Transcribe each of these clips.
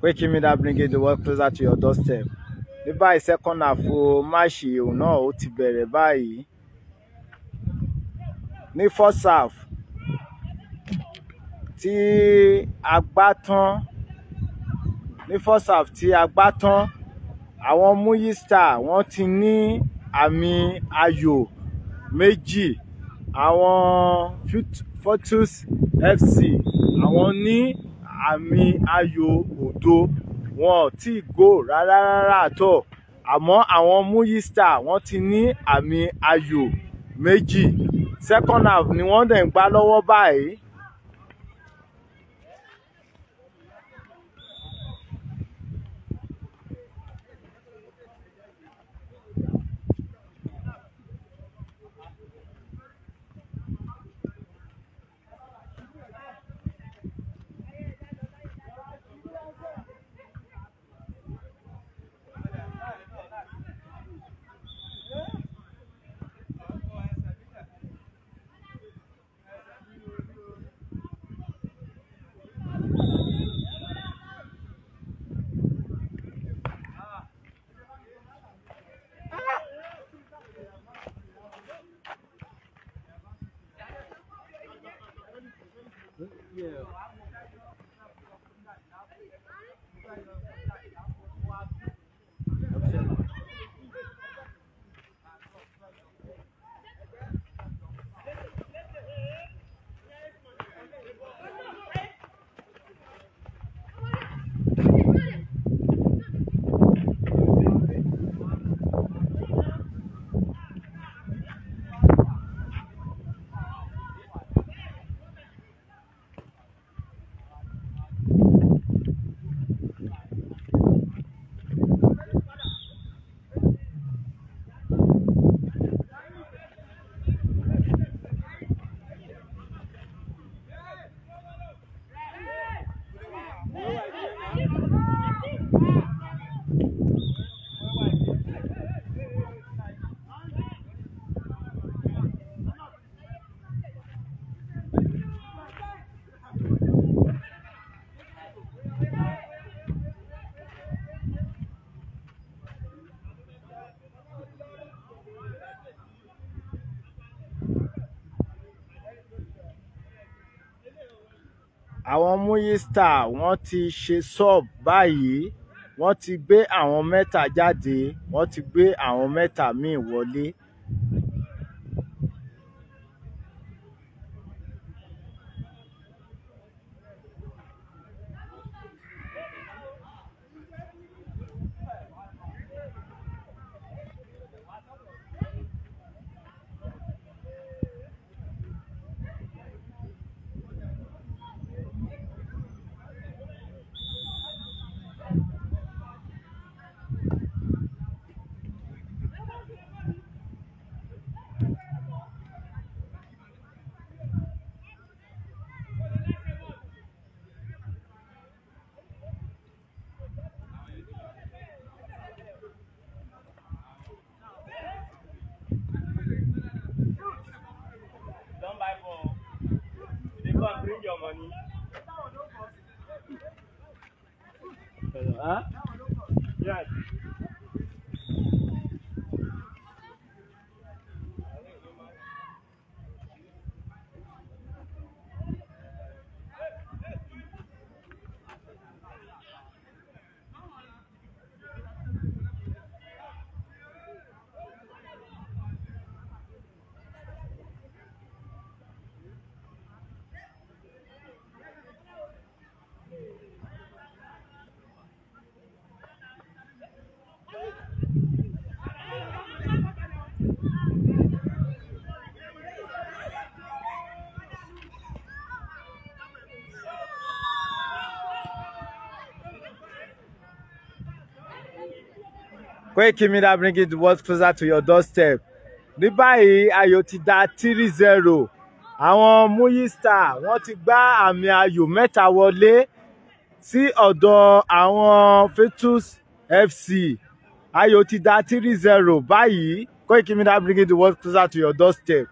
Koiki Media bringing the world closer to your doorstep ní báyìí second half máàṣì òun náà ó ti bẹ̀rẹ̀ báyìí ní first half tí a tán ní first half tí a tán àwọn Muyi Star wọ́n ti ní àmì ayò méjì àwọn Fortus FC àwọn ní àmì ayò òdo wọn ò tí ì gò rárá rárá àtọ̀ àmọ́ àwọn muyi star wọ́n ti ní àmì ayò méjì second half ni wọ́n dẹ̀ ń gbá lọ́wọ́ báyìí àwọn múyí star wọn ti ṣe sub báyìí wọn ti gbé àwọn mẹ́ta jáde wọn ti gbé àwọn mẹ́ta míín wọlé Yes. Koikimedia bring it the world closer to your doorstep ní báyìí ayò ti da three zero àwọn Muyi Star wọ́n ti gbá àmì ayò mẹ́ta wọlé sí ọ̀dọ̀ àwọn Fetus FC ayò ti da three zero báyìí Koikimedia bring it the world closer to your doorstep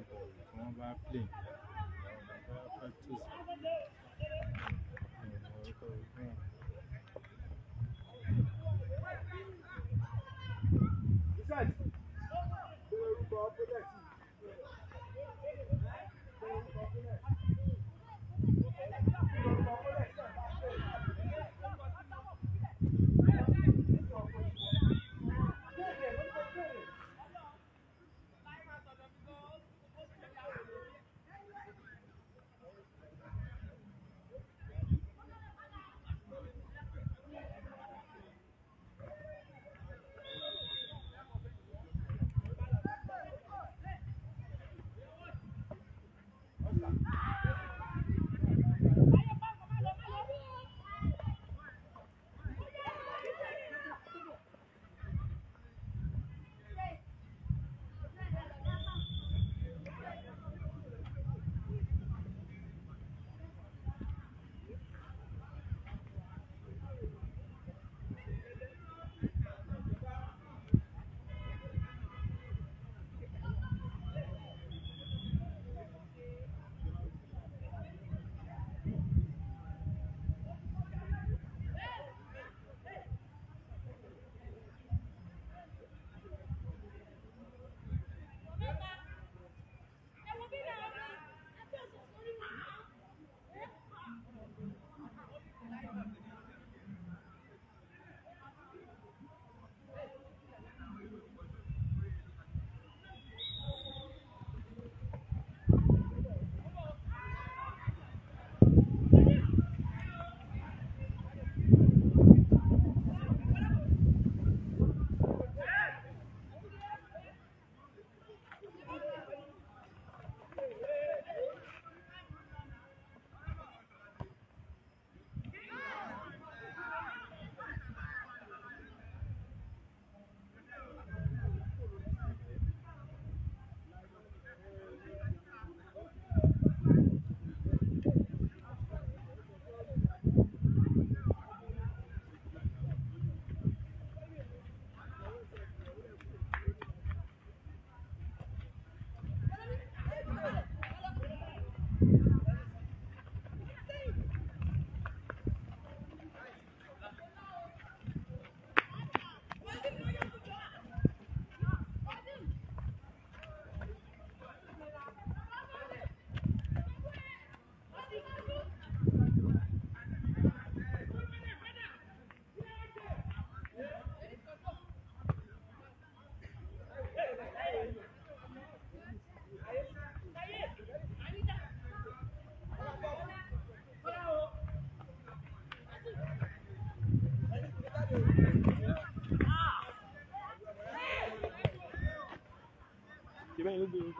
club tí wọ́n play Thank you.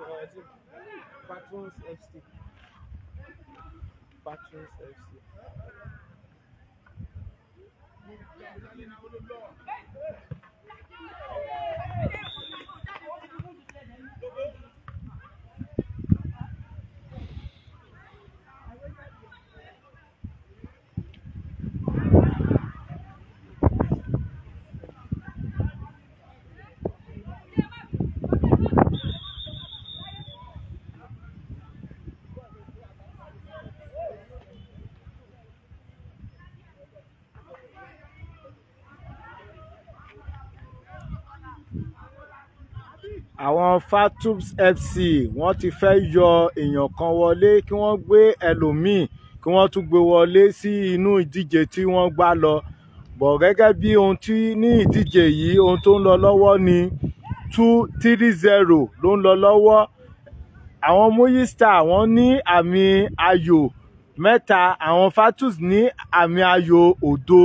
Fiorentina Patrons FC Patrons FC. Thank you. àwọn fatubs fc wọ́n ti fẹ́ yọ èèyàn kan wọlé kí wọ́n gbé ẹlòmíì kí wọ́n tún gbé wọlé sí inú ìdíje tí wọ́n gbá lọ bọ̀ gẹ́gẹ́ bí ohun tí ní ìdíje yìí ohun tó ń lọ lọ́wọ́ ni two three zero ló ń lọ lọ́wọ́ àwọn Muyi Star wọ́n ní àmì ayò mẹ́ta àwọn fatus ní àmì ayò òdo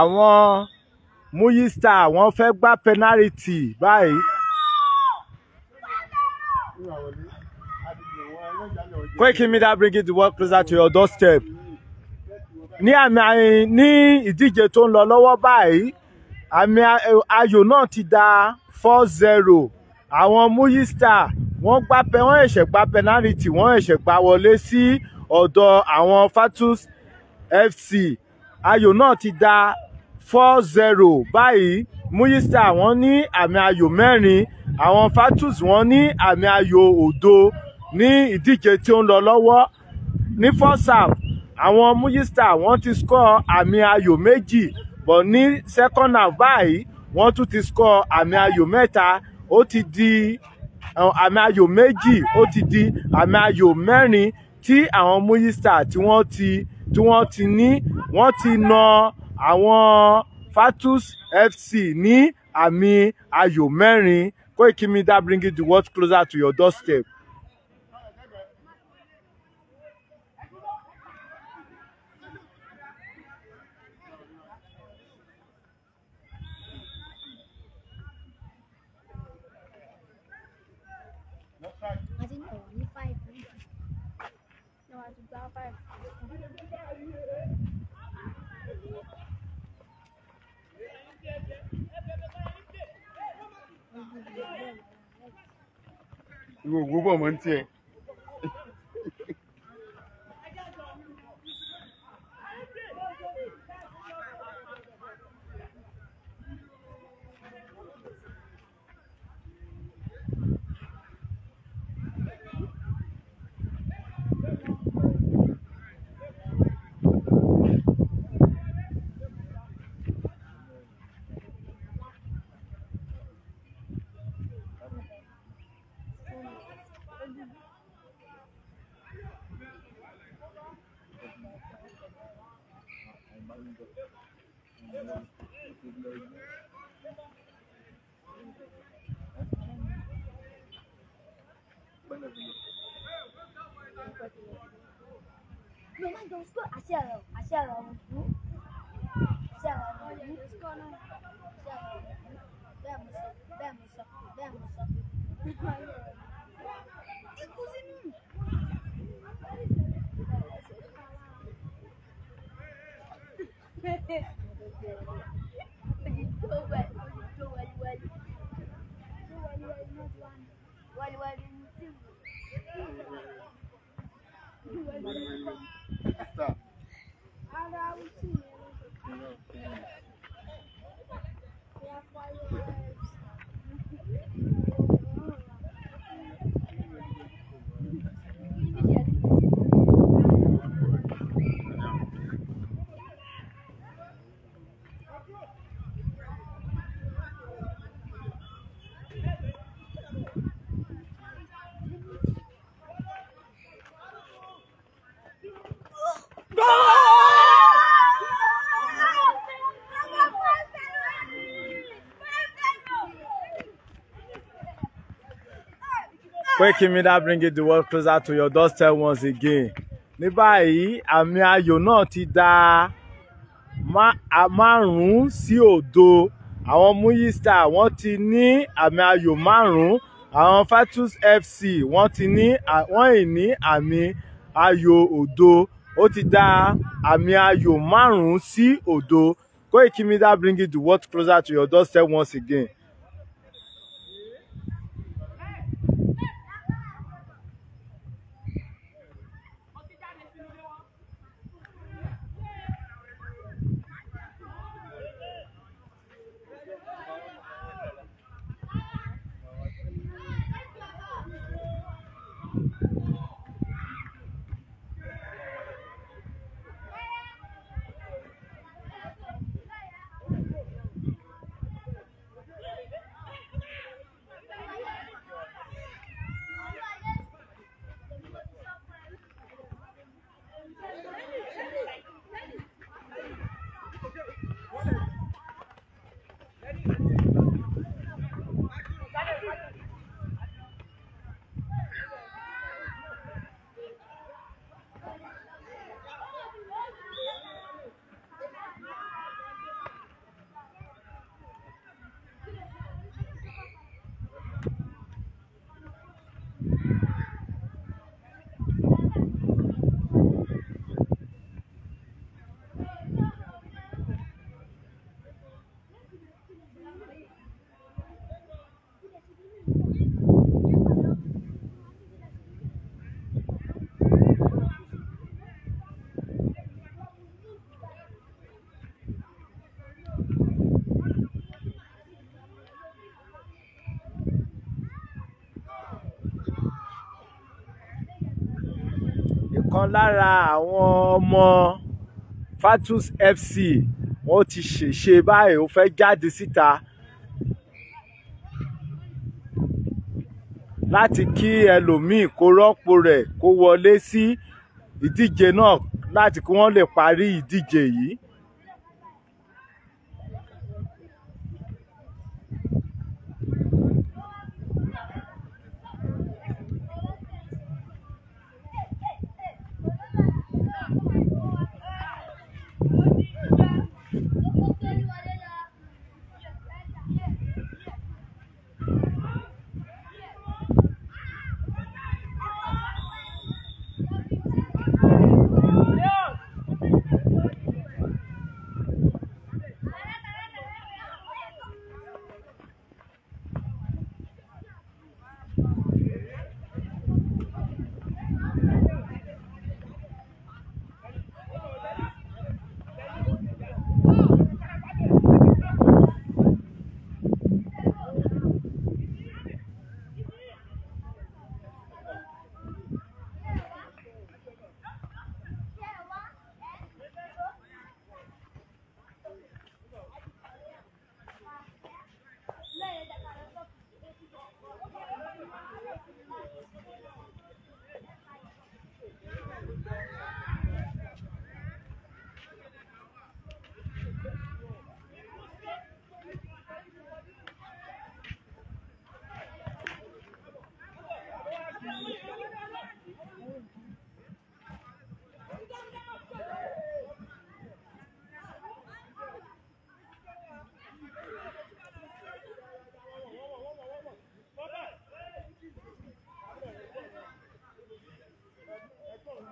àwọn Muyi Star wọ́n fẹ́ gbá pẹnárìtì báyìí. Koiki Media bring it the world closer to your doorstep. ní àmì ní ìdíje tó ń lọ lọ́wọ́ báyìí àmì ayò náà ti da four zero àwọn Muyi Star wọ́n gbá pẹ wọ́n ẹ̀ṣẹ̀ gbá pẹnárìtì wọ́n ẹ̀ṣẹ̀ gbá wọlé sí ọ̀dọ̀ àwọn Fatus FC ayò náà ti da four zero báyìí Muistar wọ́n ní àmì ayò mẹ́rin àwọn Fatus wọ́n ní àmì ayò òdo ní ìdíje tí ó ń lọ lọ́wọ́ ní first half àwọn Muistar wọ́n ti score àmì ayò méjì bọ̀ ní second half báyìí wọ́n tún ti score àmì ayò mẹ́ta ó ti di eh, àmì ayò méjì ó ti di àmì ayò mẹ́rin tí àwọn Muistar tí wọ́n ti ti ní wọ́n ti na. No, àwọn Fatus FC ní àmì ayò mẹ́rin Koiki Media bring it the world closer to your doorstep. ìwọ ògbó bọ̀ mọ́ ní tiẹ̀. Let's go. I shall. I shall. I shall. Let's go now. I shall. Bẹ́ẹ̀ mo sọ. Bẹ́ẹ̀ Koiki Media bringing the world closer to your doorstep once again. Ní báyìí, àmì ayò náà ti da márùn-ún sí òdo. Àwọn Muyi Star wọ́n ti ní àmì ayò márùn-ún. Àwọn Fortunes FC wọ́n ti ní wọ́n ì ní àmì ayò òdo. Ó ti da àmì ayò márùn-ún sí òdo. Koiki Media bringing the world closer to your doorstep once again. ọ̀kan lára àwọn ọmọ Fortus FC wọ́n ti ṣèṣe báyìí ó fẹ́ jáde síta láti kí ẹlòmíì kó rọ́pò rẹ̀ kó wọlé sí ìdíje náà láti kí wọ́n lè parí ìdíje yìí. Yeah.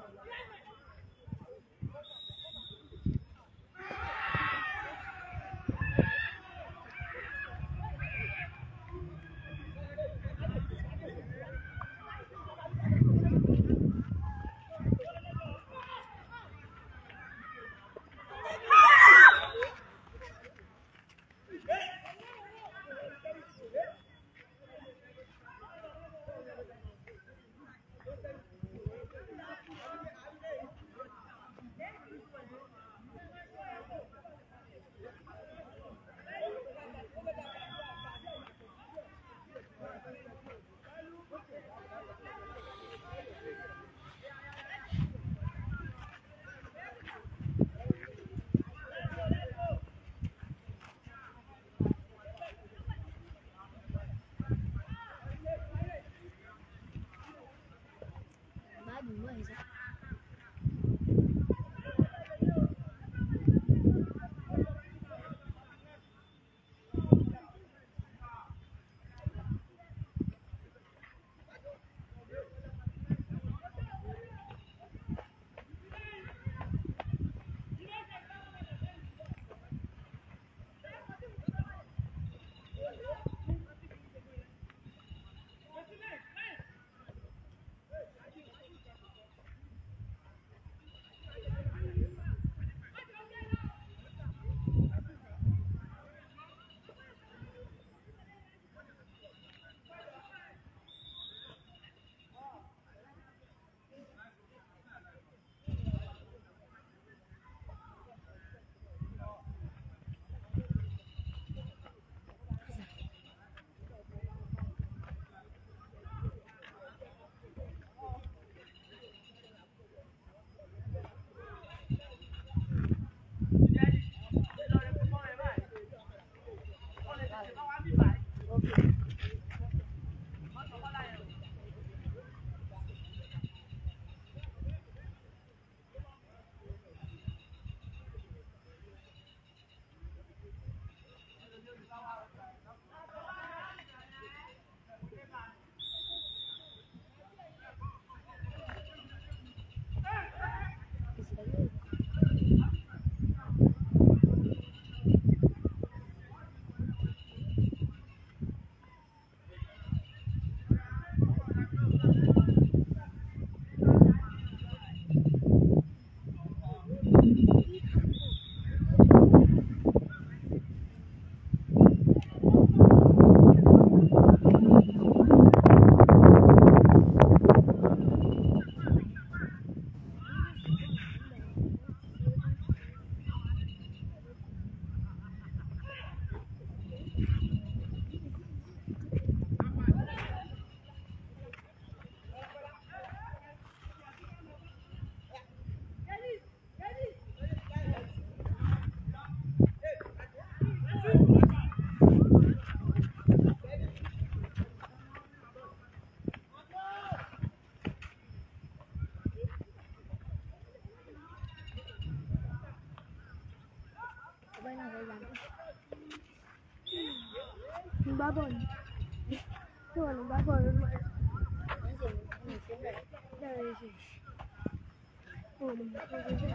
小姐姐，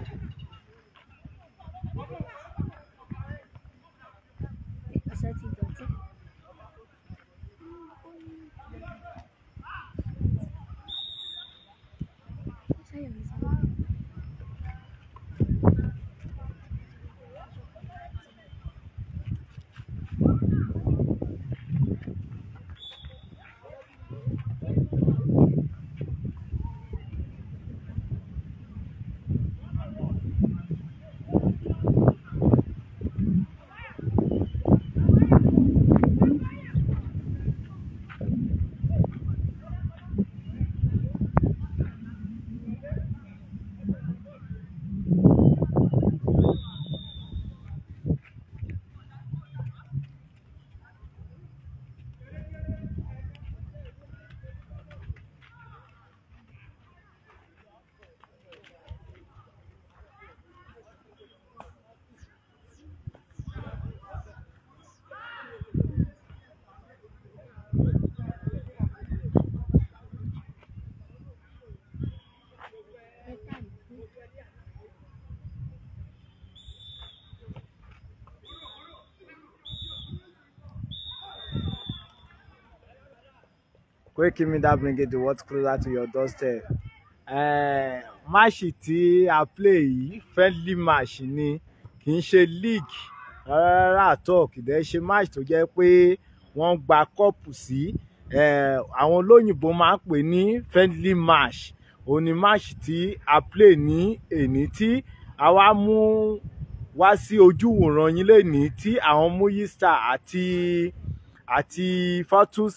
嗯，欢迎，Koiki Media bringing the world closer to your doorstep. Eh, Máàṣì tí a play yìí friendly match ni kì í ṣe league rárá àtọ̀ kìdẹ́ ṣe match tó jẹ́ pé wọ́n gba kọ́ọ̀pù sí eh, àwọn olóyìnbó máa ń pè ní friendly match òun ni match tí a play ní èní tí a wá mú wá sí ojúwòran yín lẹ́ni tí àwọn muyi star àti àti fatus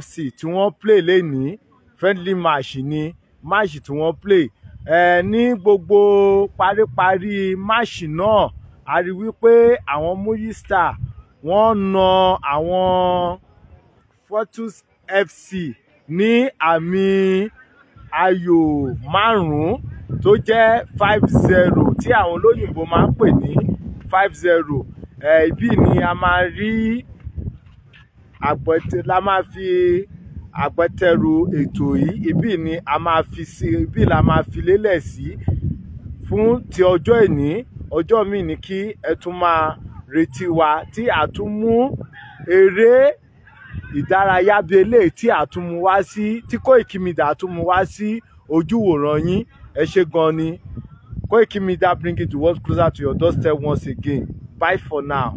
fc tí wọ́n play lẹ́ni friendly match ni match tí wọ́n play eh, ní gbogbo paríparí match náà a rí wípé àwọn muyi star wọ́n na àwọn fortus fc ní àmì ayò márùn-ún tó jẹ́ five zero tí àwọn olóyìnbó máa ń pè ní five zero ibi ni a máa rí àgbẹ̀tẹ̀ la máa fi àgbẹ̀tẹ̀rù ètò yìí ibí ni a máa fi sí ibí la máa fi lélẹ̀ sí fún ti ọjọ́ ìní ọjọ́ míì ni kí ẹ tún máa retí wa tí a tún mú eré ìdárayá bíi eléyìí tí a tún mú wá sí tí Koiki Media tún mú wá sí ojúwòran yín ẹ ṣé gan ni Koiki Media bring the world closer to your doorstep once again bye for now.